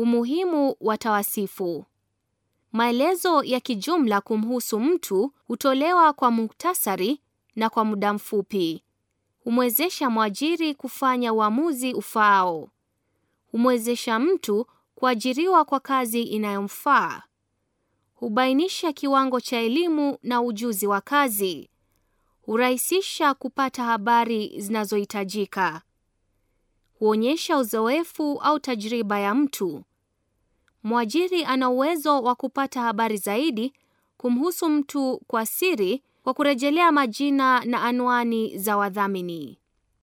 Umuhimu wa tawasifu. Maelezo ya kijumla kumhusu mtu hutolewa kwa muktasari na kwa muda mfupi. Humwezesha mwajiri kufanya uamuzi ufaao. Humwezesha mtu kuajiriwa kwa kazi inayomfaa. Hubainisha kiwango cha elimu na ujuzi wa kazi. Hurahisisha kupata habari zinazohitajika. Huonyesha uzoefu au tajriba ya mtu. Mwajiri ana uwezo wa kupata habari zaidi kumhusu mtu kwa siri kwa kurejelea majina na anwani za wadhamini.